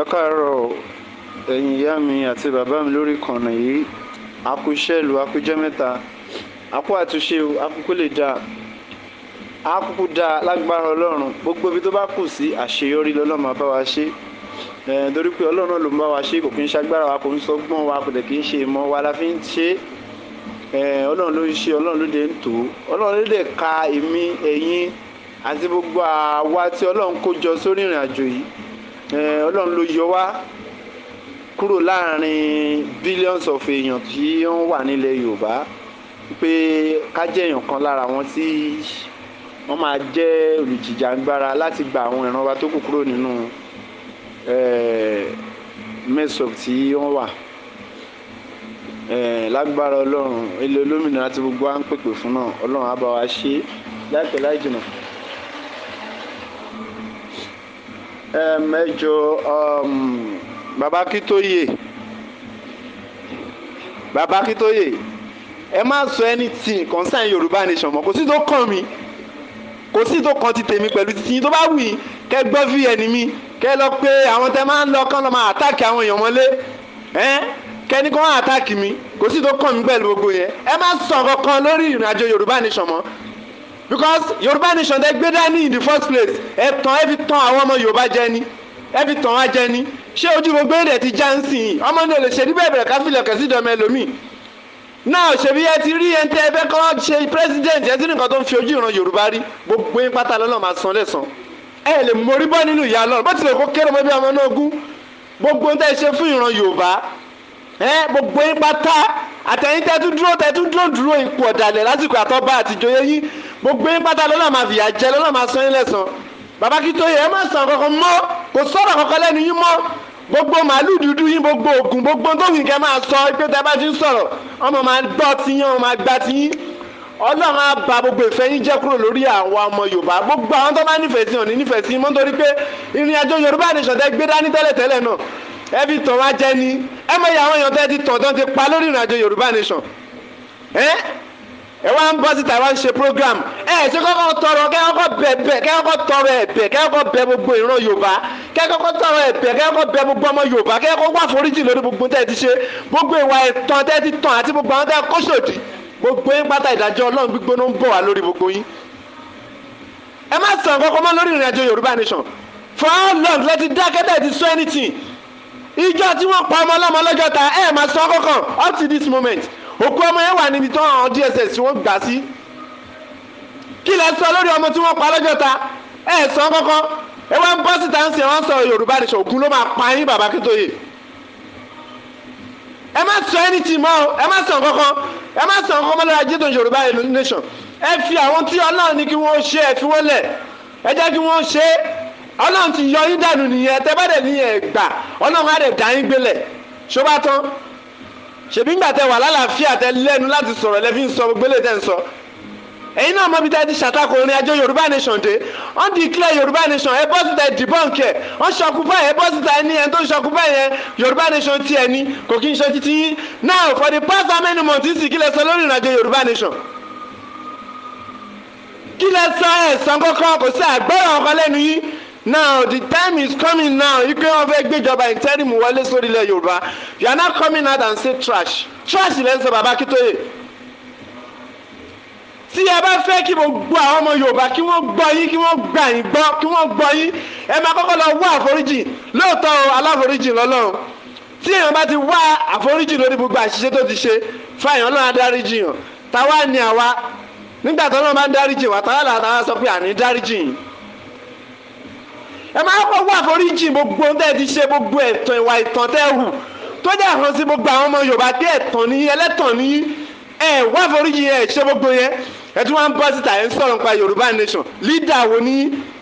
ẹ káàárọ̀ ẹ̀yin ìyá mi àti bàbá mi lórí ìkànnì yìí akú iṣẹ́ ìlú akú jẹ́ mẹ́ta akú àtúnṣe o akú kó lè dáa akúkú dáa lágbára ọlọ́run gbogbo ibi tó bá kù sí àṣeyọrí lọ́lọ́run máa bá wa ṣe torí pé ọlọ́run náà ló ń bá wa ṣe kò kí ń ṣagbára wa kò ń sọgbọ́n wa kò dẹ̀ kí ń ṣe ìmọ̀ wa la fi ń ṣe ọlọ́run ló ń ṣe ọlọ́run ló dé ń tò ọlọ́run ló dẹ̀ ka èmi ẹ̀yin àti gbogbo àwa tí ọlọ́run kó jọ sórí ìrìn yìí ọlọ́run ló yọ wá kúrò láàrin billions of èèyàn tí ó ń wà nílẹ̀ yorùbá pé ká jẹ́ èèyàn kan lára wọn tí wọ́n máa jẹ́ olùjìjàgbara láti gba àwọn ìran wa tó kù kúrò nínú mess-up tí wọ́n wà lágbára ọlọ́run ilé olómìnira tí gbogbo wa ń pèpè fún náà ọlọ́run á bá wa ṣe láìpẹ́ láì jìnnà. ẹ jọ um, bàbá Akíntóyè bàbá Akíntóyè ẹ má sọ anything concern Yorùbá nation mọ́ kò sí tó kàn mí kò sí tó kàn ti tèmi pẹ̀lú títí yín tó bá wù yín kẹ́ gbọ́ fi ẹni mi kẹ́ lọ pé àwọn tẹ́ máa ń lọ kán lọ máa àtàkì àwọn èèyàn mọ́lé kẹ́ni kan àtàkì mi kò sí tó kàn mí pẹ̀lú gbogbo yẹn ẹ má sọ kankan lórí ìrìnàjò Yorùbá nation mọ́ because yorùbá nation tẹ gbé dání in the first place ẹ tàn ẹ fi tàn àwọn ọmọ yorùbá jẹ ni ẹ fi tàn wá jẹ ni ṣé ojú gbogbo èdè ti já ń sìn yìí ọmọ náà lè ṣe ní bẹ́ẹ̀ bẹ̀rẹ̀ káfílẹ̀ kẹ̀sí ìdọ̀mọ ẹlòmíì náà ṣèbí ẹ ti rí ẹntẹ ẹ kọ́ ṣe president ẹ ti ní nǹkan tó ń fi ojú ìran yorùbá rí gbogbo yín pátá lọ́nà máa san lẹ́sàn ẹ lè mórí bọ́ nínú ìyá lọ́rùn bó tilẹ̀ kó kéré mọ́ bí ọmọ náà gún gbogbo tẹ́ ẹ ṣe fún ìran yorùbá ẹ gbogbo yín pátá àtẹ̀yìn tẹ́ tún dúró tẹ́ tún dúró dúró ipò ọ̀dàlẹ̀ lásìkò àtọ́ba àtijọ́ yẹn yín gbogbo yín pátá lọ́nà máa fìyà jẹ lọ́nà máa sọ yín lẹ́sàn bàbá Akíntóyè ẹ má sàn kankan mọ́ kò sọ̀rọ̀ kankan lẹ́nu yín mọ́ gbogbo màálù dúdú yín gbogbo ògùn gbogbo tóbi kẹ máa sọ pé tẹ bá ti ń sọ̀rọ̀ ọmọ máa gbọ́ ti yín ọmọ máa gbá ti yín ọlọ́run á ba gbogbo ìfẹ́ yín jẹ́ kúrò lórí àwọn ọmọ yorùbá gbogbo àwọn tó bá nífẹ̀ẹ́ sí òní nífẹ̀ẹ́ sí mọ́ nítorí pé ìrìn àjò yorùbá nation tẹ gbé dání tẹ́lẹ̀tẹ́lẹ̀ náà ẹ fi tàn wá jẹ ni ẹ mọ̀ iye àwọn èèyàn tẹ́ ti tàn tán ti pa lórí ìrìn àjò yorùbá nation ẹ́ ẹ wá ń bọ́ síta ẹ wá ń ṣe program ẹ ẹ ṣe kọ́kọ́ tọrọ kẹ́ kọ́kọ́ bẹ̀ bẹ̀ kẹ́ kọ́kọ́ tọrọ ẹ̀bẹ̀ kẹ́ kọ́kọ́ bẹ̀ gbogbo ìran yorùbá kẹ́ kọ́kọ́ tọrọ ẹ̀bẹ̀ kẹ́ kọ́kọ́ bẹ̀ gbogbo ọmọ yorùbá kẹ́ kọ́kọ́ wá foríjì lórí gbogbo tẹ́ ẹ ti ṣe gbogbo ìwà ẹ̀tàn tẹ́ ẹ ti tàn àti gbogbo àwọn tẹ́ ẹ kó sòdì gbogbo yín pátá ìdájọ́ ọlọ́run gbígbóná ń bọ̀ wá lórí gbogbo yín ẹ má sàn kọ́kọ́ mọ́ lórí ìrìnàjò yorùbá nation for how long lẹ ti dákẹ́ tẹ́ ẹ ti sọ anything ìjọ tí wọ́n pa ọmọ ọlọ́mọ lọ́jọ́ ta ẹ má sọ kọ́kọ́ up to this moment òkú ọmọ yẹn wà níbi tó hàn DSS wọ́n gbà sí kí lẹ sọ lórí ọmọ tí wọ́n pa lọ́jọ́ ta ẹ sọ kọ́kọ́ ẹ wá ń bọ́ síta ń sìn wọ́n sọ Yorùbá nìṣọ òkú ló máa pa yín bàbá Akíntóyè ẹ má sọ ẹni tì mọ́ ẹ má sọ kọ́kọ́ ẹ má sọ kọ́kọ́ lọ́la jíjọ Yorùbá nation ẹ fi àwọn tí Ọlọ́run ní kí wọ́n ṣe ẹ fi wọ́n lẹ̀ ẹ jẹ́ kí wọ́n ṣe Ọlọ́run ti yọ yín dànù nìyẹn tẹ́ bá dẹ̀ níyẹn gbà Ọlọ́run á dẹ̀ dá yín gbélẹ̀ ṣó bá tán ṣèbí ńgbà tẹ wà lálàáfíà tẹ lẹ́nu láti sọ̀rọ̀ lẹ́fí ń sọ gbélé tẹ̀ ń sọ ẹ̀yin náà mọ̀ bí tẹ́ ti ṣàtakò orin àjọ yorùbá nation dé wọ́n declare yorùbá nation ẹ bọ́ síta debunk ẹ̀ wọ́n ṣọkúpá ẹ bọ́ síta ẹni ẹni tó ṣọkúpá yẹn yorùbá nation ti ẹni kò kí n ṣe títí yín now for the past how many months sì kí lẹ sọ lórí ìrìnàjò yorùbá nation kí lẹ sọ ẹ̀sán kọ́kọ́ kò sí àgbẹ̀rọ̀ ọkọ lẹ́nu yín now the time is coming now you ipe wọn fẹ́ gbéjọba interim wọlé sórí ilẹ̀ yorùbá you are not coming out and say trash trash lẹ́nu sọ bàbá kítóyè tí ẹ bá fẹ́ kí gbogbo àwọn ọmọ yorùbá kí wọ́n gbọ́ yín kí wọ́n gbà yín gbọ́ kí wọ́n gbọ́ yín ẹ máa kọ́kọ́ lọ wá àforíjì lóòótọ́ aláforíjì lọ́lọ́run tí èèyàn bá ti wá àforíjì lórí gbogbo àṣìṣe tó ti ṣe fáyàn ọlọ́run adáríjì yàn táwa ni àwa nígbà tó náà bá ń dáríjì wà táwa làwọn sọ pé àní dáríjì yìí ẹ máa kọ́ wá àforíjì gbogbo ohun tẹ́ ẹ ti ṣe gbogbo ẹ̀tàn ìwà ìtàn tẹ́ ẹ hù tó jẹ́ àhàn sí gbogbo àwọn ọmọ Yorùbá pé ẹ̀tàn ní ẹlẹ́tàn ní ẹ wá àforíjì ẹ ṣe gbogbo yẹn ẹ tún wá ń bọ́ síta ẹ ń sọ̀rọ̀ nípa Yorùbá nation leader wo ni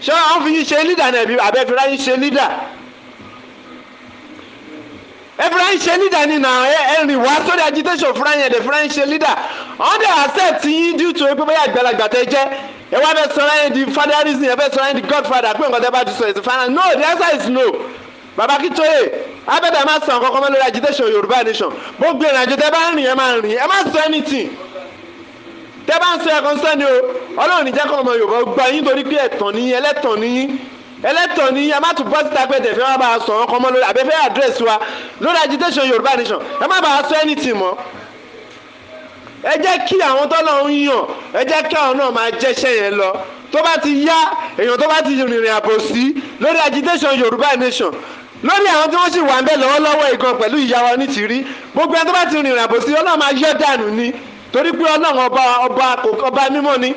ṣé wọ́n fi yín ṣe leader náà ẹ̀bí àbẹ́fẹ́ra yín ṣe leader ẹfúráyìn ṣe leader ni na ẹrìn wá sórí agitation fúráyìn ẹ̀dẹ̀ fúráyìn ṣe leader ọ̀dẹ̀ accept yín due to pé bóyá àgbàlagbà tẹ jẹ́ ẹ wá bẹ sọ̀rọ̀ yẹn di fatherism ẹ bẹ sọ̀rọ̀ yẹn di godfather pé nǹkan tẹ bá ti sọ èsì final no the answer is no baba kitoye abẹ́dà máa sàn kankan mọ́ lórí agitation yorùbá nation gbogbo ìrìnàjò tẹ bá ń rìn ẹ máa rìn ẹ má sọ anything tẹ bá ń sọ ẹ̀kọ́ ń sẹ́ni o ọlọ́run ní jẹ́kọ̀ ọmọ yorùbá gbọ́ yín torí pé ẹ̀tàn ní ẹlẹ́tàn ní ẹlẹ́tàn ní ẹ má tún bọ́ síta pé tẹ̀fẹ́ wọn bá a sọ mọ́ lórí àbẹ́fẹ́ àdírẹ́sì wa lórí agitation yorùbá nation ẹ má bàa sọ anything mọ́ ẹ jẹ́ kí àwọn tọ́lọ̀ ń yàn ẹ jẹ́ kí àwọn náà máa jẹ́ṣẹ́ yẹn lọ tó bá ti yá èèyàn tó bá ti rìnrìn àbò sí lórí agitation Yorùbá nation lórí àwọn tí wọ́n sì wà ń bẹ̀ lọ́wọ́lọ́wọ́ ìgan pẹ̀lú ìyá wa ní tìrí gbogbo ẹni tó bá ti rìnrìn àbò sí Ọlọ́run máa yọ dànù ni torí pé Ọlọ́run ọba ọba ọba mímọ́ ni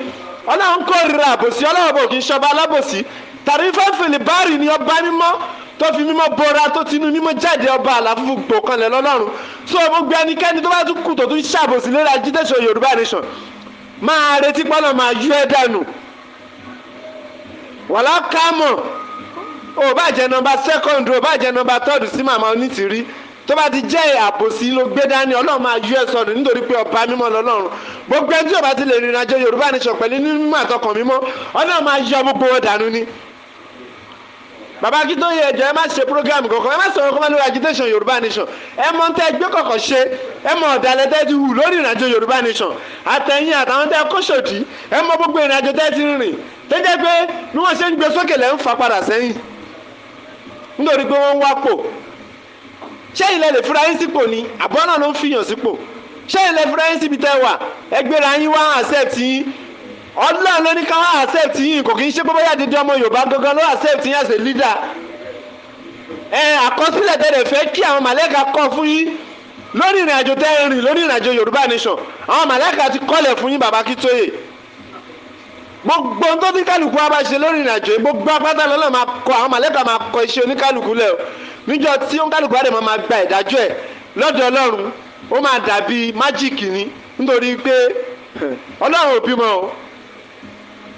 Ọlọ́run kórìíra àbòsí Ọlọ́run ọba òkì ń ṣọba alábòsí tàrífà fìlìbárì ni ọba mímọ́ tó fi mímọ́ bọ́ra tó ti inú mímọ́ jáde ọba àlàfúfù gbòkanlẹ̀ lọ́lọ́run so gbogbo ẹnikẹ́ni tó bá tún kù tó tún ṣàbòsí lórí ajídẹ́sọ̀ yorùbá nation máa retí pọ́nà máa yú ẹ dànù wàlá kámọ̀ ò bá jẹ́ nọ́mbà second ò bá jẹ́ nọ́mbà third sí màmá onítìrí tó bá ti jẹ́ àbòsí ló gbé dání ọlọ́run máa yú ẹ sọnù nítorí pé ọba mímọ́ lọ́lọ́run gbogbo ẹni tí ò bá ti lè rìnrìn àjò yorùbá nation pẹ̀lú mímọ́ àtọkàn mímọ́ ọlọ́run máa yọ gbogbo wọn dànù ni bàbá akíntóye ẹjọ ẹ má ṣe program kankan ẹ má sọ̀rọ̀ kọ́mọ́ lórí agitation yorùbá nation ẹ mọ ń tẹ́ ẹ gbé kọ̀kọ̀ ṣe ẹ mọ ọ̀dàlẹ̀ tẹ́ ti hù lórí ìrìnàjò yorùbá nation àtẹ̀yìn àtàwọn tẹ́ kó ṣòdì ẹ mọ gbogbo ìrìnàjò tẹ́ ti rìn tẹ́jẹ́ pé bí wọ́n ṣe ń gbé sókè lẹ́ ń fa padà sẹ́yìn nítorí pé wọ́n ń wápò ṣé ilẹ̀ lè fura yín sípò ni àbọ̀ náà ló ń fìyàn sípò ṣé ilẹ̀ fura yín síbi tẹ́ wà ẹgbẹ́ra ọlọ́run ló ní ká wá accept yín kò kí n ṣe pé bóyá dídí ọmọ yorùbá gangan ló accept yín as a leader ẹ àkọsílẹ̀ tẹ̀lé fẹ́ kí àwọn màlẹ́ka kọ́ fún yín lórí ìrìn àjò tẹ́ ń rìn lórí ìrìn àjò yorùbá nation àwọn màlẹ́ka ti kọ́lẹ̀ fún yín bàbá kítóyè gbogbo tó ní kálukú wa bá ṣe lórí ìrìn àjò gbogbo apáta lọ́lọ́ máa kọ àwọn máa kọ iṣẹ́ oníkálukú gba ìdájọ́ ẹ̀ lọ́dọ̀ ọlọ́run ó máa dàbí ni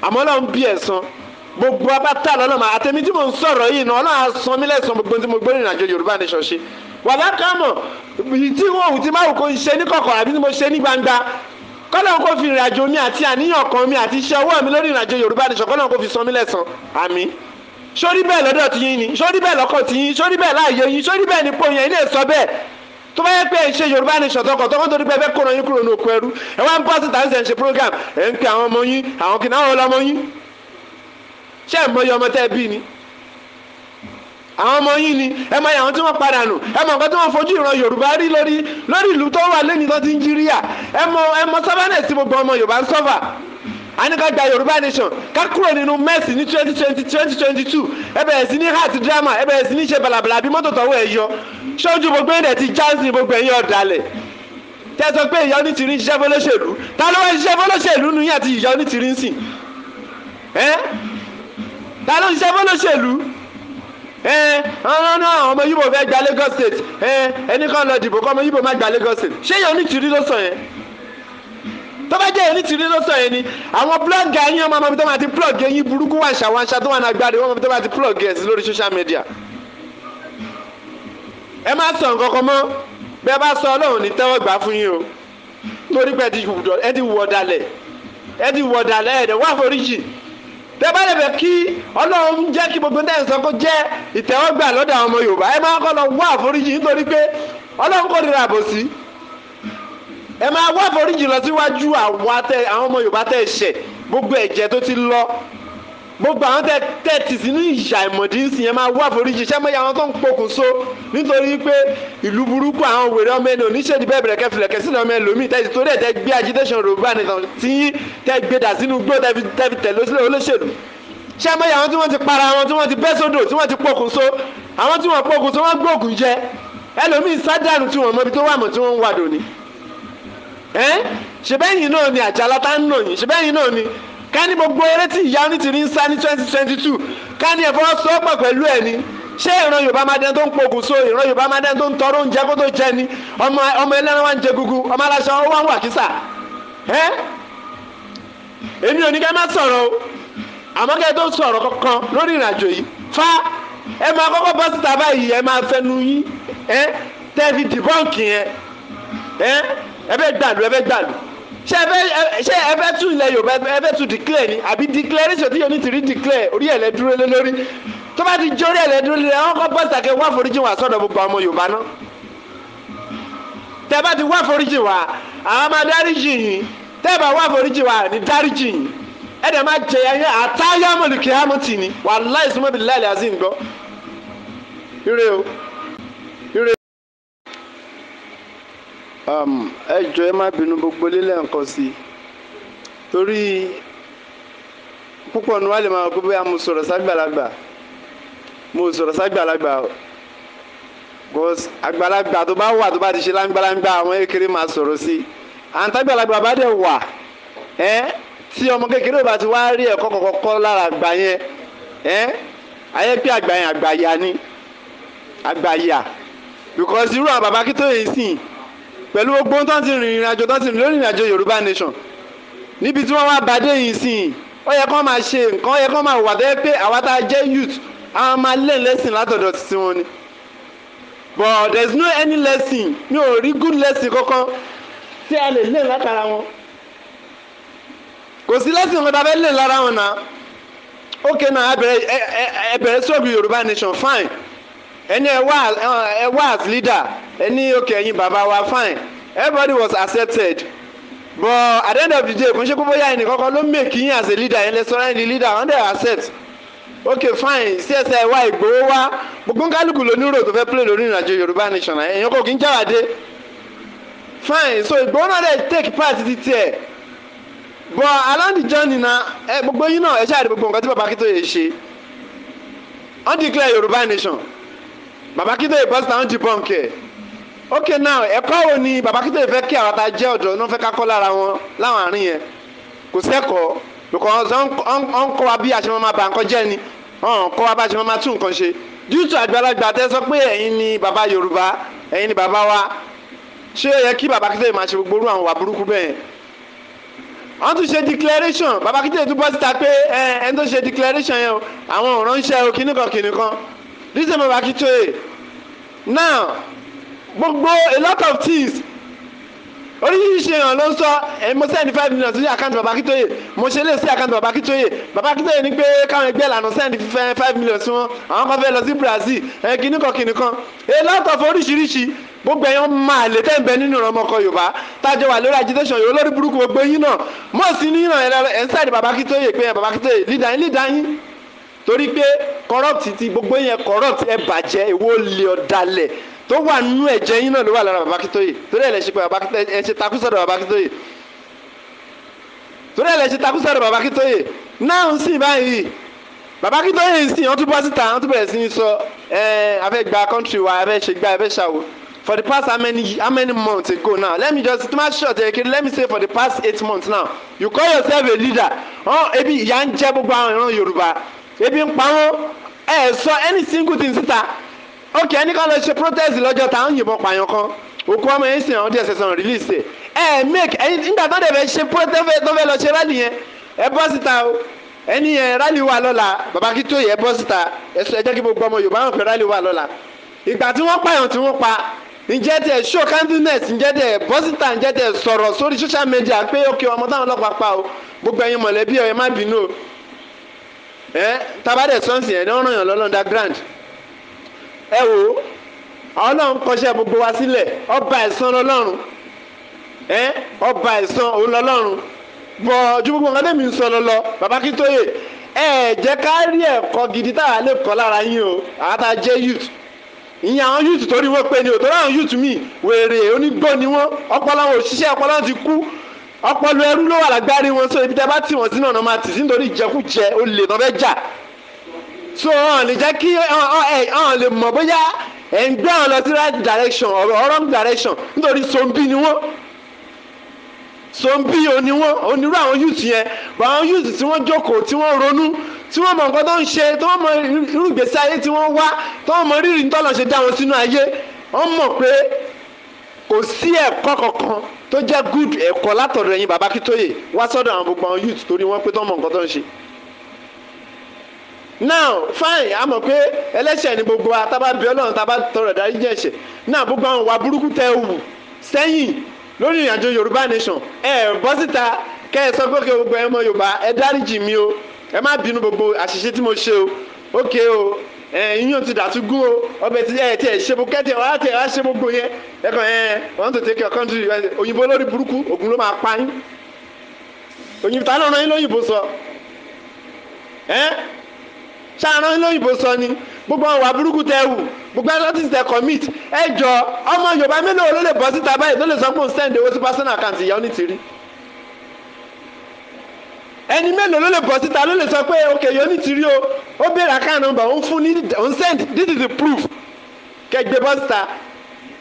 àmọ́ náà ń bí ẹ̀san gbogbo abátá lọ́nà mà àtẹ̀mí tí mò ń sọ̀rọ̀ yìí náà ọlọ́run asan mi lẹ́sàn gbogbo tí mo gbé ìrìn àjò Yorùbá nation ṣe wà lákàmọ̀ tí wọn ò ti máa wò kó ń ṣe ní kọ̀kọ̀ àbí tí mo ṣe ní gbangba kọ́lọ́n kò fi ìrìn àjò mi àti àníyàn kan mi àti iṣẹ́ ọwọ́ mi lórí ìrìn àjò Yorùbá nation kọ́lọ́n kò fi san mi lẹ́sàn àmín sórí bẹ́ẹ̀ lọ́dọ̀ tó bá yẹ pé ṣe yorùbá ní ṣọ̀tọ̀kọ̀ tọkọ tó dúpẹ́ fẹ́ kóra yín kúrò ní òkú ẹrú ẹ wá ń bọ́ síta ń ń ṣe program ẹ̀ ń pe àwọn ọmọ yín àwọn kìnnà àwọn ọlọmọ yín ṣé ẹ̀ mọyì ọmọ tẹ́ bí ni àwọn ọmọ yín ni ẹ mọyì àwọn tí wọ́n padà nù ẹ mọ nǹkan tí wọ́n fojú ìran yorùbá rí lórí lórí ìlú tó wà lẹ́yìn tó ti ń jírí à ẹ mọ ẹ mọ sábàánẹ̀ tí gbogbo ọmọ yorùbá ń sọ́fà àníkà gba yorùbá nation ká kúrò nínú mẹ́sì ní twenty twenty twenty twenty two ẹ bẹ̀rẹ̀ sí ní heart drama ẹ bẹ̀rẹ̀ sí ní ṣe balabala bí mọ́tò tọ́wọ́ ẹ yọ ṣojú gbogbo ilẹ̀ ti jáàsì gbogbo ẹ̀yìn ọ̀dàlẹ̀ tẹ́sán pé ìyọ́nú ti rí ṣiṣẹ́ fọlọ́ṣèlú ta ló wá ṣiṣẹ́ fọlọ́ṣèlú nu yín àti ìyọ́nú ti rí ń sìn ẹ́ ta ló ṣiṣẹ́ fọlọ́ṣèlú ọ̀rọ̀ náà ọmọ yìí bò fẹ́ gba Lagos State ẹni kan lọ dìbò kọ́ ọmọ yìí bò má gba Lagos State ṣé ìyọ́nú ti rí ló sọ yẹn tó bá jẹ́ ẹni tìrí ló sọ yẹn ni àwọn blọ́ọ̀gì ayé ọmọ ọmọ bí tó máa ti plọ̀gì eyín burúkú wàṣà wàṣà tó wà ní agbára ìwọ́n ọmọ bí tó máa ti plọ̀gì ẹ̀ sí lórí social media ẹ má sọ nǹkan kan mọ́ bẹ́ẹ̀ bá sọ ọlọ́run ní tẹ́wọ́ gbà fún yín o torí pé ẹ ti wù ọ̀dàlẹ̀ ẹ ti wù ọ̀dàlẹ̀ ẹ̀ wá foríjì tẹ́ bá lè fẹ́ kí ọlọ́run jẹ́ kí gbogbo tẹ́ ẹ sọ kó jẹ́ ìtẹ́wọ́gbà lọ́dọ̀ àwọn ọmọ yorùbá ẹ máa kọ́ lọ wá àforíjì nítorí pé ọlọ́run kò rírà àbòsí ẹ máa wá àforíjì lọ síwájú àwọn ọmọ yorùbá tẹ́ ẹ ṣẹ̀ gbogbo ẹ̀jẹ̀ tó ti lọ gbogbo àwọn tẹ tẹ tì sínú ìyà ìmọ̀dí sì yẹn máa wá foríjì iṣẹ́ mọ́yà àwọn tó ń pokùnso nítorí pé ìlú burúkú àwọn wèrè ọmọ ẹni oníṣèdí bẹ́ẹ̀ bẹ̀rẹ̀ kẹfìlẹ̀ kẹsìnà ọmọ ẹlòmíì tẹ torí ẹ̀ tẹ gbé agitation rògbò ànìtàn tí yín tẹ gbé dà sínú gbó tẹ fi tẹ̀ lọ́sílẹ̀ olóṣèlú iṣẹ́ mọ́yà àwọn tí wọ́n ti para wọn tí wọ́n ti bẹ́ sódò tí wọ́n ti pokùnso àwọn tí wọ́n pokùnso wọ́n gbóògùn jẹ ẹlòmíì sádànù tí wọ́n mọbi tó wà mọ́ tí wọ́n ń wà dòní. ẹ́ ṣe bẹ́yìn náà ni àjàlá tá ń nà yín ṣe bẹ́yìn náà ni ká gbogbo eré tí ìyá onítìrí ń sá ní twenty twenty two ká ní ẹ̀fọ́ sọ́pọ̀ pẹ̀lú ẹ̀ ni ṣé ìran yorùbá so ìran yorùbá máa dẹni tó ń tọrọ oúnjẹ kó tó jẹ ni ọmọ ọmọ ẹlẹ́ran ń jẹ ọmọ aláṣọ ń o àmọ́ kẹ́ tó sọ̀rọ̀ kankan lórí fa ẹ máa kọ́kọ́ bọ́ síta báyìí ẹ máa fẹnu yín ẹ tẹ́ ẹ ẹ bẹ́ẹ̀ ẹ bẹ́ẹ̀ ṣé ẹ fẹ́ ṣé ẹ fẹ́ tún ilẹ̀ Yorùbá ẹ fẹ́ tún declare ni àbí declaration tí yóò ní tìrí declare orí ẹ̀ lẹ́dúró lé lórí tó bá ti jó orí ẹ̀ lẹ́dúró lé àwọn kan bọ́sà kẹ́ wá foríjì wá sọ́dọ̀ gbogbo ọmọ Yorùbá náà tẹ́ bá ti wá foríjì wá àwọn máa dáríjì yìí tẹ́ bá wá foríjì wá ní dáríjì yìí ẹ dẹ̀ máa jẹ ẹyẹ àtàyàmọ̀lùkẹ́ àmọ̀tì ni wàláì sọmọbìlá ilẹ̀ àzíǹgbọ́ ire o. Um, ẹ jọ̀ọ́ ẹ má bínú gbogbo ilé lẹ́ẹ̀kan sí i torí púpọ̀ nu wa lè máa gbé bóyá mo sọ̀rọ̀ ságbàlagbà mo sọ̀rọ̀ ságbàlagbà o because àgbàlagbà tó bá wà tó bá ti ṣe láńgbàláńgbà àwọn kékeré máa sọ̀rọ̀ sí i àǹtàgbàlagbà bá dẹ̀ wà ẹ́ tí ọmọ kékeré bá ti wá rí ẹ̀kọ́ kọ̀ọ̀kọ́ lára àgbà yẹn ẹ́ ayé pé àgbà yẹn àgbàyà ni àgbàyà because irú àwọn bàbá kí tó yẹn sìn pẹ̀lú gbogbo tó ti rìn ìrìn àjò tó ti rìn lórí ìrìn Yorùbá nation níbi tí wọ́n wá bàdé yìí sìn ó yẹ kó máa ṣe nǹkan ó yẹ kó máa wà tẹ́ pé àwa tá a jẹ́ youth àwọn máa lé lẹ́sìn látọ̀dọ̀ títí wọn ni but there is no any lesson mi ò rí good lesson kankan tí a lè lé látara wọn kò sí lesson kan tá a fẹ́ lé lára wọn náà ok náà ẹ bẹ̀rẹ̀ ẹ bẹ̀rẹ̀ sọ́ọ̀bù Yorùbá nation fine ẹni ẹ uh, leader any oke ẹ̀yin baba wa fine everybody was accepted but at the end of the day kò ń make yín as a leader ẹni lè leader wọ́n accept Okay, fine csi wa Ìgbòho wa gbogbo kálukú ló ní rò tó fẹ́ play nation na kò kí fine so Ìgbòho náà take part ti tiẹ̀ but along the journey na ẹ gbogbo yín náà declare nation bàbá Akíntóyè pásítọ̀ àwọn dìbọn kẹ̀ ok now ẹ̀kọ́ wo ni bàbá Akíntóyè fẹ́ kí àwọn ta jẹ́ ọ̀dọ́ náà fẹ́ ká kọ́ lára wọn láwọn àárín yẹn kò sẹ́kọ̀ọ́ because ọ̀n kọ́ wa bí a ṣe máa bà nǹkan jẹ́ ni ọ̀n kọ́ wa bá a ṣe máa tún nǹkan ṣe due to àgbàlagbà tẹ́ sọ pé ẹ̀yin ni bàbá Yorùbá ẹ̀yin ni bàbá wa ṣé ó yẹ kí bàbá Akíntóyè máa ṣe gbogbo orú àwọn wà burúkú bẹ́ẹ̀ wọ́n tún ṣe declaration bàbá Akíntóyè tún bọ́ síta pé ẹ ẹni tó ṣe declaration yẹn o àwọn ò o kìnnìkan kìnnìkan reason of akitoye now gbogbo a lot of things oríṣiríṣi èèyàn ló ń sọ mo send five million sí àkáǹtì bàbá akitoye mo ṣe lè sí àkáǹtì bàbá akitoye bàbá akitoye ní pé káwọn ẹgbẹ́ ìlànà send five million sí wọn àwọn kan fẹ́ lọ sí Brazil ẹ̀ kìnnìkan kìnnìkan a lot of oríṣiríṣi gbogbo ẹ̀yàn máa lè tẹ́ ń bẹ nínú ọmọkọ yorùbá tájọ wà lórí agitation yorùbá lórí burúkú gbogbo yín náà mọ̀ sí ní ìràn ẹ̀ ń sáàdì bàbá akitoye pé bàbá akitoye lídà yín lídà yín torí pé corrupt ti gbogbo yẹn corrupt ẹ bàjẹ́ èwo lè ọ̀dàlẹ̀ tó wà nínú ẹ̀jẹ̀ yín náà ló wà lára bàbá Akíntóyè torí ẹ̀ lè ṣe pé bàbá ẹ ṣe takú sọ̀dọ̀ bàbá Akíntóyè torí ẹ̀ lè ṣe takú sọ̀dọ̀ bàbá Akíntóyè náà ń sìn báyìí bàbá Akíntóyè ń sìn wọ́n tún bọ́ síta wọ́n tún bẹ̀rẹ̀ sí í sọ ẹ afẹ́ gba country wa afẹ́ ṣe gba afẹ́ ṣàwò for the past how many how many months ago now let me just too much short ekiri let me say for the past eight months now you call yourself a leader oh ebi ìyà ń jẹ gbogbo àwọn ìran Yorùbá ebi ń pa wọn ẹ sọ any single thing síta ok ẹnìkan lọ ṣe protest lọ́jọ́ tá à ń yìnbọn pààyàn kan òkú ọmọ yẹn sìn àwọn díẹ̀ sẹ̀sán release ẹ ẹ make ẹyin nígbà tó dẹ̀ fẹ́ ṣe protest tó fẹ́ lọ ṣe rally yẹn ẹ bọ́ síta o ẹni yẹn rally wà lọ́la bàbá kí tó yẹ bọ́ síta ẹ jẹ́ kí gbogbo ọmọ Yorùbá hàn pé rally wà lọ́la ìgbà tí wọ́n pààyàn tí wọ́n pa ǹjẹ́ tẹ̀ show candleness ǹjẹ́ tẹ̀ bọ́sítà ǹjẹ́ tẹ̀ sọ̀rọ̀ sórí social media pé ok ọmọ táwọn ọlọ́pàá pa o gbogbo ẹ̀yin mọ̀lẹ́bí ẹ̀ má bínú o ẹ tabadẹ sọ́ọ̀sì ẹ̀ lọ́rùn yàn lọ́lọ́dà underground ẹ wò ó ọlọ́run kọṣẹ́ gbogbo wa sílẹ̀ ọba ẹ̀san lọ́lọ́run ẹ ọba ẹ̀san òun lọ́lọ́run bọ̀ ju gbogbo nǹkan tẹ̀mí ń sọ lọ́lọ́ bàbá Akíntóyè ẹ jẹ́ ká rí ẹ̀kọ́ gidi táwa lè kọ́ lára yín o àwa tá a jẹ́ youth ìyẹn àwọn youth torí wọ́n pé ni òtò láwọn youth míì wèrè onígbó ni wọ́n ọpọlọ wọn ọpọlọ ti kú ọpọlọ ẹrú ló wà lágbárí wọn so ibi tẹ bá tì wọn sínú ọ̀nà máa tì sí nítorí ìjẹkújẹ olè náà fẹ́ jà so ọ̀n lè jẹ́ kí ọ̀n lè mọ̀ bóyá ẹ̀ ń gbé àwọn lọ sí right direction or wrong direction nítorí sombi ni wọ́n sombi òní wọ́n onírú àwọn youth yẹn bọ̀ àwọn youth tí wọ́n jókòó tí wọ́n ronú tí wọ́n mọ̀ nǹkan tó ń ṣe tí wọ́n mọ̀ irú ìgbésí ayé tí wọ́n wá tí wọ́n mọ̀ rírì ń tọ́lọ̀ ṣe dá wọn sínú ayé wọ́n mọ̀ pé kò sí ẹ̀kọ́ kankan tó jẹ́ good eh, ẹ̀kọ́ látọ̀dọ̀ ẹ̀yin bàbá Akíntóyè wá sọ́dọ̀ àwọn gbogbo àwọn youth torí wọ́n pé tó mọ̀ nǹkan tó ń ṣe. now fine a mọ̀ pé ẹlẹ́ṣẹ̀ ni gbogbo wa tá a bá bí Ọlọ́run tá a bá tọrọ ìdárí jẹ́ ẹ̀ṣẹ̀ náà gbogbo àwọn wà burúkú tẹ wù sẹ́yìn lórí ìrìnàjò Yorùbá nation ẹ bọ́ síta kẹ́ ẹ sọ pé kí gbogbo ẹ mọ Yorùbá ẹ dáríjì mi o ẹ má bínú gbogbo àṣìṣe tí mo ṣe o ókè o Eh, ìyàn ti dàtú gún o ọbẹ̀ ti ẹ̀ eh, tí ẹ̀ ṣe gbogbo kẹ́tẹ̀ wá wá ṣe gbogbo yẹn ẹ̀kọ́ ẹ̀ eh, wọ́n tó tẹ̀kẹ́ kọ́ńtì òyìnbó lórí burúkú ògùn ló máa pa yín òyìnbó ta ló rán yín lóyìnbó sọ ẹ́ ṣàrán yín lóyìnbó sọ ni gbogbo ọ̀wà burúkú tẹ wù gbogbo ẹlọ́tì tẹ commit ẹ ọmọ Yorùbá mélòó ló lè síta báyìí ló lè sọ pé òun owó sí ìyá onítìrí ẹni mélòó ló lè síta ló lè sọ pé òkè ó béèrè account number ó ń fún ní ó ń send this is the proof kẹgbẹ́ bọ́sítà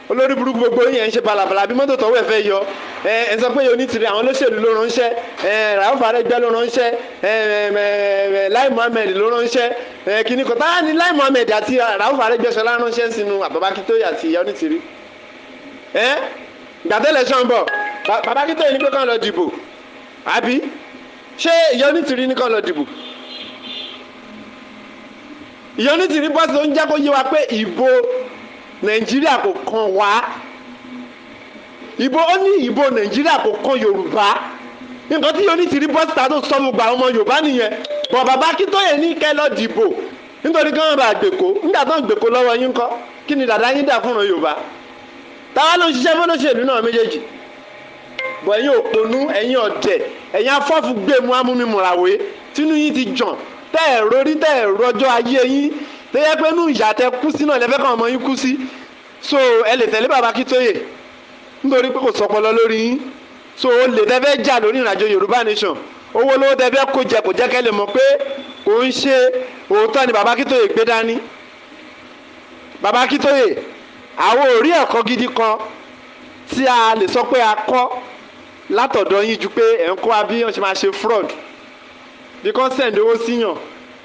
olórí burúkú gbogbo yẹn ń ṣe balabala bí mọ́tò tọ́wọ́ ẹ̀ fẹ́ yọ ẹ ẹ sọ pé onítìrí àwọn olóṣèlú ló ránṣẹ́ ẹ Rauf Aregbe ló ránṣẹ́ ẹ ẹ Lai Muhammed ló ránṣẹ́ ẹ kìíní kọ́tà ni Lai Muhammed àti Rauf Aregbe sọlá ránṣẹ́ sínú àbábákítóyè àti ìyá onítìrí ẹ gbàtẹ́lẹ̀ sàn bọ̀ babakítóyè ní pé kàn lọ dìbò àbí ṣé ìyá onítìrí ní kàn lọ dìbò ìyọnu tìrí bọ́sì ló ń jẹ́ kó yé wa pé ìbò nàìjíríà kò kàn wá ìbò ó ní ìbò nàìjíríà kò kàn yorùbá nǹkan tí yọnu tìrí bọ́sì ta tó sọnù gba ọmọ yorùbá nìyẹn bọ̀ bàbá akíntóye ní kẹ́ lọ dìbò nítorí kí wọ́n bá gbèkó nígbà tó ń gbèkó lọ́wọ́ yín kọ́ kí ni dàda yín dà fúnra yorùbá táwa ló ń ṣiṣẹ́ fọlọ́ṣèlú náà méjèèjì bọ̀ ẹ̀yin òponú ẹ̀yin ọ̀dẹ̀ ẹ̀yin afọ́fù gbẹ̀mú amúmimùràwé tínú yín ti jàn tẹ́ ẹ̀ rorí tẹ́ ẹ̀ rọjọ́ ayé yín tó yẹ pé inú ìyá tẹ kú sí náà lẹ́fẹ́ kàn ọmọ yín kú sí so ẹ lè tẹ̀lé bàbá Akíntóyè nítorí pé kò sọpọlọ lórí yín so o lè tẹ́fẹ́ jà lórí ìrìnàjò Yorùbá Nation owó lówó tẹ́fẹ́ kó jẹ kò jẹ́ kẹ́ lè mọ̀ pé kò ń ṣe òótọ́ ni bàbá Akíntóyè gbé dání bàbá Akíntóyè àwọn òrí ẹ̀kọ́ gidi kan tí a lè sọ pé a kọ́ látọ̀dọ̀ yín ju pé ẹ̀ ń kó wa bí wọ́n ṣe máa ṣe fraud bí kò sẹ̀ǹdì owó síyàn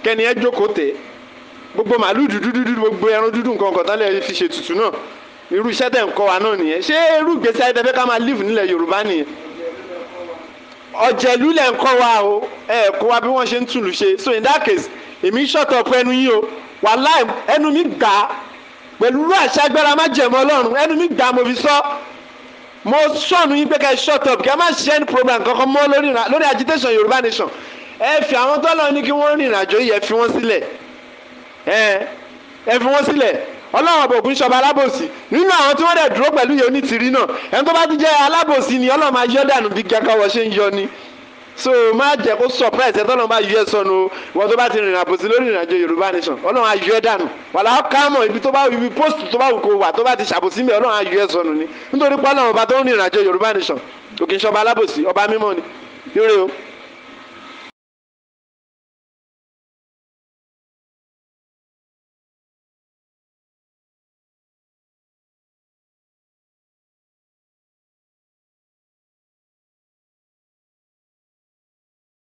kẹ́ni ẹ jókòó tẹ̀ gbogbo màálù dúdú dúdú gbogbo ẹran dúdú nǹkan kan tán lè fi ṣètùtù náà irú iṣẹ́ tẹ̀ ń kọ́ wa náà nìyẹn ṣé irú ìgbésí ayé tẹ́fẹ́ ká máa live nílẹ̀ Yorùbá nìyẹn ọ̀jẹ̀lú lẹ̀ ń kọ́ wa o ẹ kọ́ wa bí wọ́n ṣe ń tùlù ṣe so in that case èmi ṣọ̀tọ̀ pé ẹnu yín o wàláì ẹnu mi gbà á pẹ̀lú irú àṣà agbára má jẹ̀mọ́ Ọlọ́run ẹnu mi gbà á mo fi sọ mo sọ̀nù yín pé ká ṣọ̀tọ̀ kí a má ṣe any program kankan mọ́ lórí agitation Yorùbá nation ẹ fi àwọn tọ́lọ̀ ní kí wọ́n rìnrìn àjò yìí ẹ fi wọ́n sílẹ̀ ẹ fi wọ́n sílẹ̀ ọlọ́run ọ̀bọ̀ ògùn ṣọba alábòsí nínú àwọn tí wọ́n dẹ̀ dúró pẹ̀lú yìí onítìrí náà ẹni tó bá ti jẹ́ alábòsí ni ọlọ́run máa yọ dànù bí gàkàwọ̀ ṣe ń yọ ni so má jẹ́ kó surprise ẹ̀ tọ́lọ́run bá yọ ẹ sọnù wọn tó bá ti rìnrìn àbòsí lórí ìrìn àjò Yorùbá nation ọlọ́run ayọ ẹ dànù wàlá kámọ̀ ibi tó bá ibi post tó bá wù kó wà tó bá ti ṣàbòsí mi ọlọ́run ayọ ẹ sọnù ni nítorí pé ọlọ́run